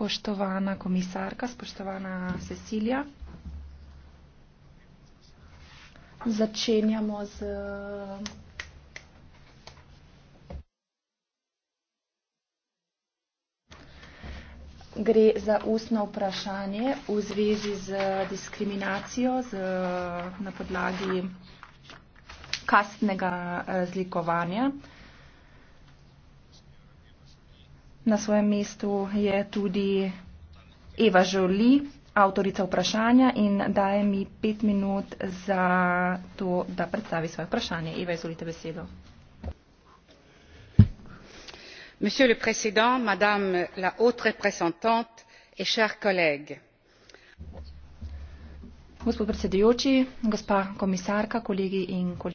spoštovana komisarka, spoštovana Cecilija. Začenjamo z Gre za ustno vprašanje v zvezi z diskriminacijo z, na podlagi kastnega eh, zlikovanja. Uh, Na svojem mestu je tudi Eva Žoli, avtorica vprašanja in daje mi pet minut za to, da predstavi svoje vprašanje. Eva, izvolite besedo. Monsieur le Président, Madame la Haute Representante et chers collègues. Gospod predsedujoči, gospa komisarka, kolegi in kolegi.